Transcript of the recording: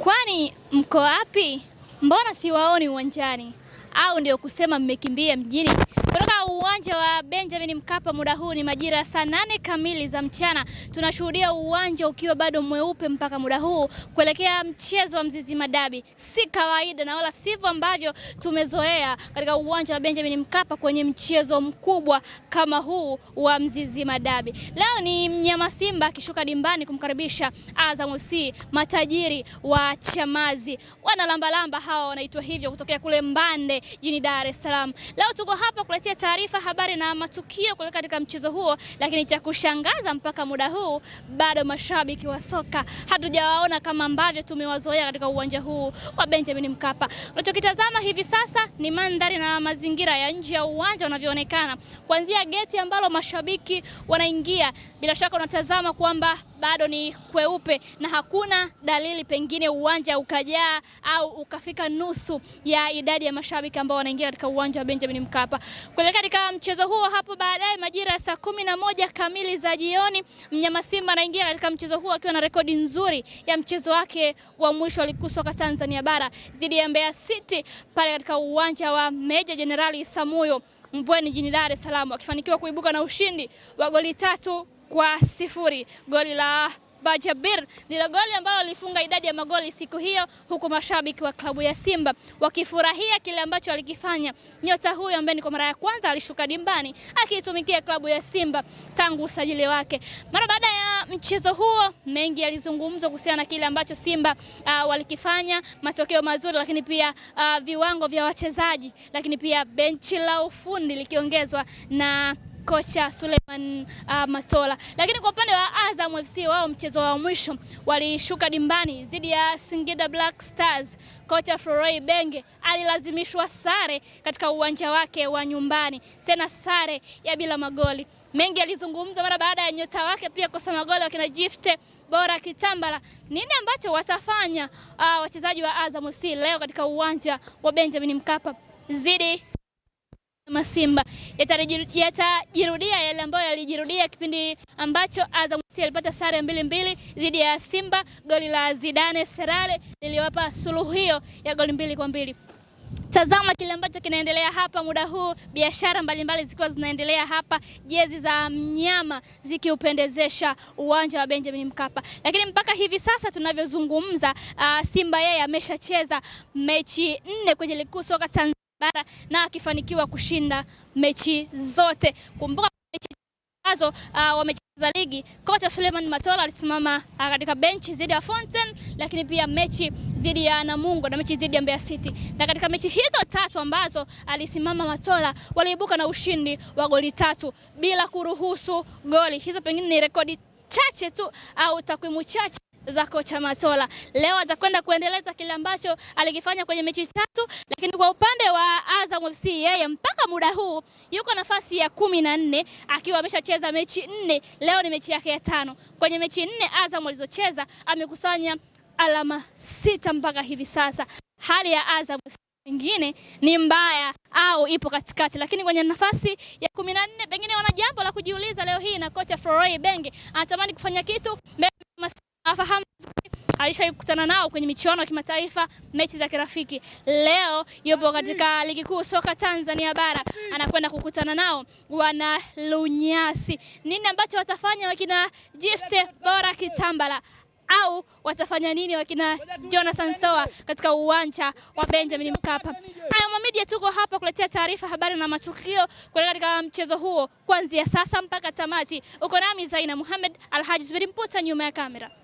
Kwani mko wapi? Mbona siwaoni uwanjani? Au ndio kusema mmekimbia mjini? uwanja wa Benjamin Mkapa muda huu ni majira saa nane kamili za mchana. Tunashuhudia uwanja ukiwa bado mweupe mpaka muda huu kuelekea mchezo wa Mzizima Dabi. Si kawaida na wala sivyo ambavyo tumezoea katika uwanja wa Benjamin Mkapa kwenye mchezo mkubwa kama huu wa Mzizima Dabi. Leo ni mnyama Simba akishuka dimbani kumkaribisha Azam FC, matajiri wa Chamazi. Wanalambalamba hawa wanaitwa hivyo kutokea kule Mbande jijini Dar es Salaam. Leo tuko hapa kuletea taarifa taarifa, habari na matukio kutoka katika mchezo huo, lakini cha kushangaza mpaka muda huu bado mashabiki wa soka hatujawaona kama ambavyo tumewazoea katika uwanja huu wa Benjamin Mkapa. Unachokitazama hivi sasa ni mandhari na mazingira ya nje ya uwanja wanavyoonekana, kuanzia geti ambalo mashabiki wanaingia. Bila shaka unatazama kwamba bado ni kweupe na hakuna dalili pengine uwanja ukajaa au ukafika nusu ya idadi ya mashabiki ambao wanaingia katika uwanja wa Benjamin Mkapa kuelekea katika mchezo huo. Hapo baadaye majira ya saa kumi na moja kamili za jioni, mnyama Simba anaingia katika mchezo huo akiwa na rekodi nzuri ya mchezo wake wa mwisho alikusoka Tanzania bara dhidi ya Mbeya City pale katika uwanja wa Meja Jenerali Samuyo Mbweni jijini Dar es Salaam, akifanikiwa kuibuka na ushindi wa goli tatu kwa sifuri. Goli la Bajabir ndilo goli ambalo lilifunga idadi ya magoli siku hiyo, huku mashabiki wa klabu ya Simba wakifurahia kile ambacho alikifanya nyota huyo ambaye ni kwa mara ya kwanza alishuka dimbani akiitumikia klabu ya Simba tangu usajili wake. Mara baada ya mchezo huo, mengi yalizungumzwa kuhusiana na kile ambacho Simba uh, walikifanya, matokeo mazuri, lakini pia uh, viwango vya wachezaji, lakini pia benchi la ufundi likiongezwa na kocha Suleiman uh, Matola. Lakini kwa upande wa Azam FC, wao mchezo wa mwisho walishuka dimbani dhidi ya Singida Black Stars. Kocha Florent Benge alilazimishwa sare katika uwanja wake wa nyumbani, tena sare ya bila magoli. Mengi alizungumzwa mara baada ya nyota wake pia kosa magoli, wakina jifte Bora Kitambala. Nini ambacho watafanya uh, wachezaji wa Azam FC leo katika uwanja wa Benjamin Mkapa dhidi kama Simba yatajirudia yale ambayo yalijirudia kipindi ambacho Azam alipata sare mbili mbili dhidi ya Simba. Goli la Zidane Serale liliwapa suluhu hiyo ya goli mbili kwa mbili. Tazama kile ambacho kinaendelea hapa muda huu, biashara mbalimbali zikiwa zinaendelea hapa, jezi za mnyama zikiupendezesha uwanja wa Benjamin Mkapa. Lakini mpaka hivi sasa tunavyozungumza, uh, Simba yeye ameshacheza mechi nne kwenye ligi kuu soka Tanzania bara na akifanikiwa kushinda mechi zote. Kumbuka mechi ambazo uh, wamecheza ligi, kocha Suleiman Matola alisimama uh, katika benchi dhidi ya Fontaine, lakini pia mechi dhidi ya Namungo na mechi dhidi ya Mbeya City. Na katika mechi hizo tatu ambazo alisimama Matola, waliibuka na ushindi wa goli tatu bila kuruhusu goli. Hizo pengine ni rekodi chache tu au takwimu chache za kocha Matola. Leo atakwenda kuendeleza kile ambacho alikifanya kwenye mechi tatu, lakini kwa upande wa Azam FC yeye mpaka muda huu yuko nafasi ya kumi na nne akiwa ameshacheza mechi nne. Leo ni mechi yake ya tano. Kwenye mechi nne Azam alizocheza amekusanya alama sita mpaka hivi sasa. Hali ya Azam pengine ni mbaya au ipo katikati, lakini kwenye nafasi ya kumi na nne pengine wana jambo la kujiuliza leo hii, na kocha Florent Ibenge anatamani kufanya kitu mbe namfahamu alishawahi kukutana nao kwenye michuano ya kimataifa, mechi za kirafiki. Leo yupo katika ligi kuu soka Tanzania bara, anakwenda kukutana nao wana Lunyasi. Nini ambacho watafanya wakina Gift Bora Kitambala au watafanya nini wakina Jonathan Thoa katika uwanja wa Benjamin Mkapa? Ayoma Mamedia, tuko hapa kuletea taarifa, habari na matukio kutoka katika mchezo huo kuanzia sasa mpaka tamati. Uko nami Zaina Muhammad, Alhaji Zubiri Mputa nyuma ya kamera.